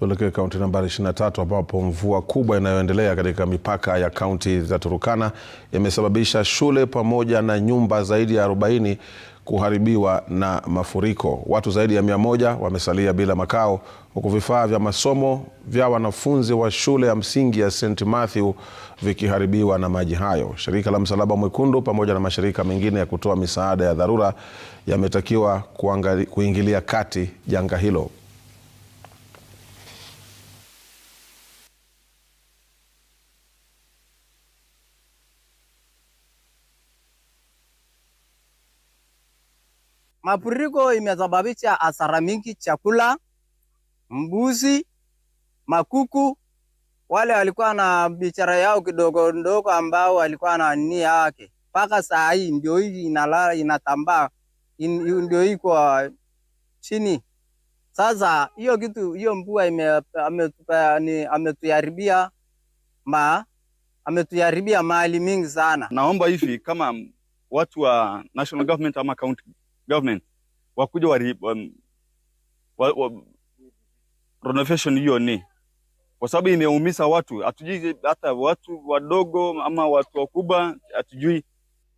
Tuelekee kaunti nambari 23 ambapo mvua kubwa inayoendelea katika mipaka ya kaunti za Turukana imesababisha shule pamoja na nyumba zaidi ya 40 kuharibiwa na mafuriko. Watu zaidi ya 100 wamesalia bila makao, huku vifaa vya masomo vya wanafunzi wa shule ya msingi ya St Matthew vikiharibiwa na maji hayo. Shirika la Msalaba Mwekundu pamoja na mashirika mengine ya kutoa misaada ya dharura yametakiwa kuingilia kati janga hilo. Mafuriko imesababisha hasara mingi, chakula, mbuzi, makuku, wale walikuwa na biashara yao kidogo ndogo ambao walikuwa na nia yake, mpaka saa hii ndio hii inalala inatambaa, in, ndio hii kwa chini. Sasa hiyo kitu hiyo mvua ametuharibia ma ametuharibia mali mingi sana. Naomba hivi kama watu wa national government ama county government wakuja wari um, wa, wa, renovation hiyo ni kwa sababu imeumiza watu, hatujui hata watu wadogo ama watu wakubwa, hatujui.